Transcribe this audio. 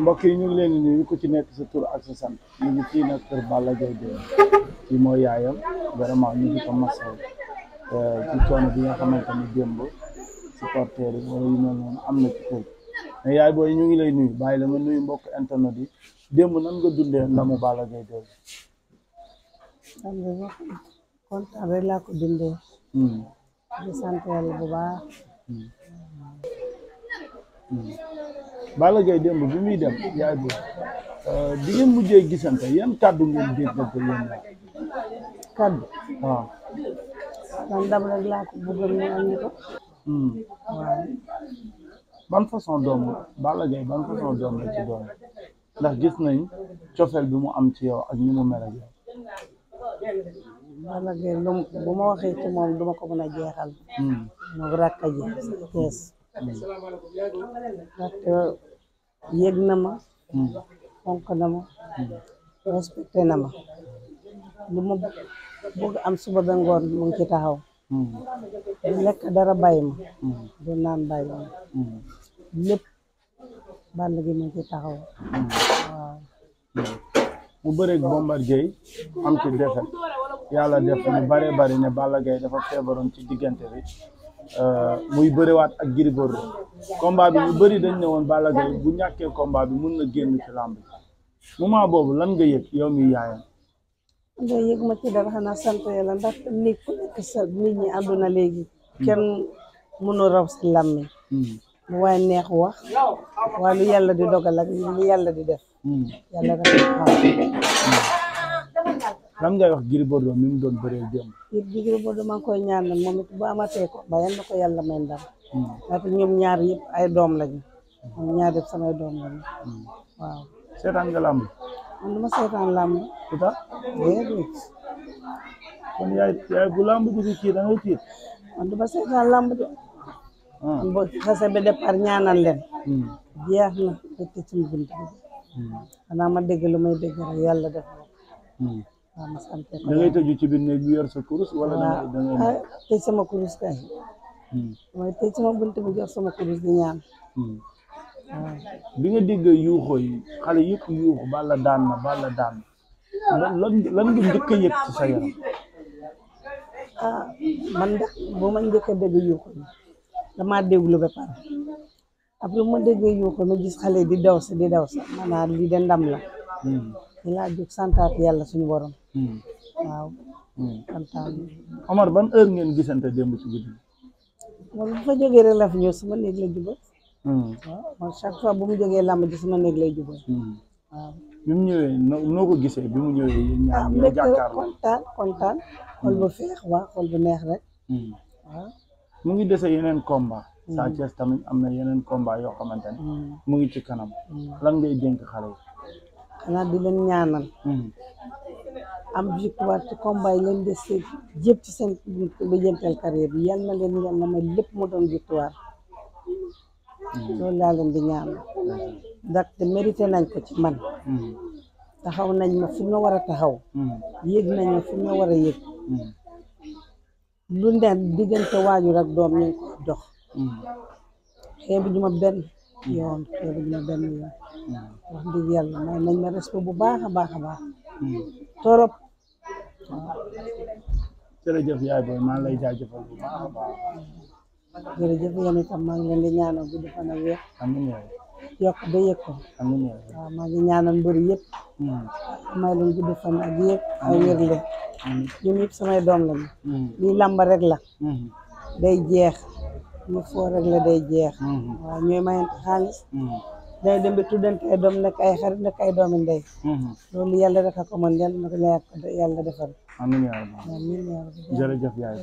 mbokk yi ñu ngi leen di nuyu ku ci nekk sa tur ak sa sant ñu ngi fii nag kër Balla Gaye 2 kii mooy yaayam vraiment ñu ngi ko masaw euh, ci coono bi nga xamante ni démb supporters yi wala yu mel am na ci kër ñu ngi lay nuyu bàyyi la nga nuyu mbokk internet yi démb nan nga dundee ndamu Balla Gaye 2 kontaan rek laa ko dundee hmm. di sant bu baax hmm. Hmm. Balla Gaye démb bi muy dem yaay bu euh, bi ngeen mujjee gisante yan kàddu ngeen déggante yéen laa ko bëggoon hmm. ban façon doom la Balla Gaye ban gis nañ cofeel bi mu am ci yow ak ni mu mel ak yow. Balla Gaye lu bu ma waxee ci moom duma ko mën a jeexal. mu hmm. rakk ji kees. Mm. ndaxte yëg na ma mm. fonk na ma mm. respecté na ma lu ma bëgg am suba ba ngoon mu ngi ci taxaw du lekk dara bàyyi ma du naan bàyyi ma lépp bàll gi mu ngi taxaw mu bëreeg Bombardier am ci defet yàlla def ñu bare bari ne Balla Gaye dafa feebaroon ci diggante bi Euh, muy bëriwaat ak Gris Bordeaux combat bi ñu bëri dañ ne woon Balla Gaye bu ñàkkee combat bi mun na génn ci làmb moment boobu lan nga yëg yow mi yaayam nga yëg ma ci dara xanaa sant yàlla ndax nit ku nekk sa nit ñi àdduna léegi hmm. kenn mënu raw si làmmiñ hmm. bu waaye neex wax waaye lu yàlla di dogal ak lu yàlla di def hmm. lan ngay wax Gris Bordeaux mi mu doon bëree jëm. Gris Bordeaux maa koy ñaanal moom it bu amatee ko ba yal na ko yàlla may ndam. Hmm. ñaar yëpp ay doom lañu. ñoom ñaar yëpp samay doom lañu. Hmm. waaw. seetaan seetaan làmb. tout à di kii seetaan làmb de. man ah. boo xasee ba ñaanal leen. Hmm. jeex na fekk ci bunt bi. xanaa ma dégg lu may dégg rek yàlla def waaw ah, ma ci biir néeg bi yor sa kurus. wala da ngay ah, ah, sama kurus kay. Hmm. mooy tëj sama bunt bu jox sama kurus di ñaan. Hmm. bi nga dégg yuuxoo xale yëpp yuuxu bala daan na bala daan na lan ma a dégg yuuxu yi damaa déglu ba ma déggee yuuxu ma gis xale di daw si di daw si maanaam lii de ndam la. Hmm. di laa santaat yàlla suñu borom. Hmm. Hmm. waaw kontaan Omar ngeen gisante démb ci guddi wala bu fa jógee rek la hmm. mu jógee làmb ji sama néeg lay jubal waaw bi ko gisee bi mu ñëwee yéen ñaar ah, ñoo jàkkaarloo kontaan kontaan xol bu feex bu neex rek ngi dese yeneen combat Sa Thiès tamit am na yeneen combat yoo xamante ne mu ngi ci kanam lan ngay dénk xale yi xanaa di leen ñaanal am victoire ci combat yi leen dese jëpp ci seen lijjantal carrière bi yal ma leen yal na ma lépp mu doon victoire hmm. loolu laa bi di ñaan hmm. ndaxte mérité nañ ko ci man hmm. taxaw nañ ma fi ma war a taxaw yéeg nañ ma fi ma war a yéeg lu ne diggante waajur ak doom ñu ko dox xeebu ñu ma benn yoon xeebu ñu ma benn yoon wax dëgg yàlla nañ ma respect bu baax a baax a baax torop jërëjëf yaay booy maa ngi lay jaajëfal bu baax a baax. maa ngi leen di ñaanal gudd fan ak yokk ba yëg ko. maa ngi ñaanal mbër yëpp. Hmm. may leen gudd fan ak yéeg ay wér le ñun yëpp samay doom lañu. Hmm. lii làmb rek la. Hmm. day jeex. ñu foo rek la day jeex. waaw ñooy mayante xaalis. day dem bi tuddante ay doom nekk ay xarit nekk ay doomi ndey mm-hmm. loolu yàlla rek a ko mën yàlla na ko yàlla defal amiin yaa rabbi jërëjëf yaay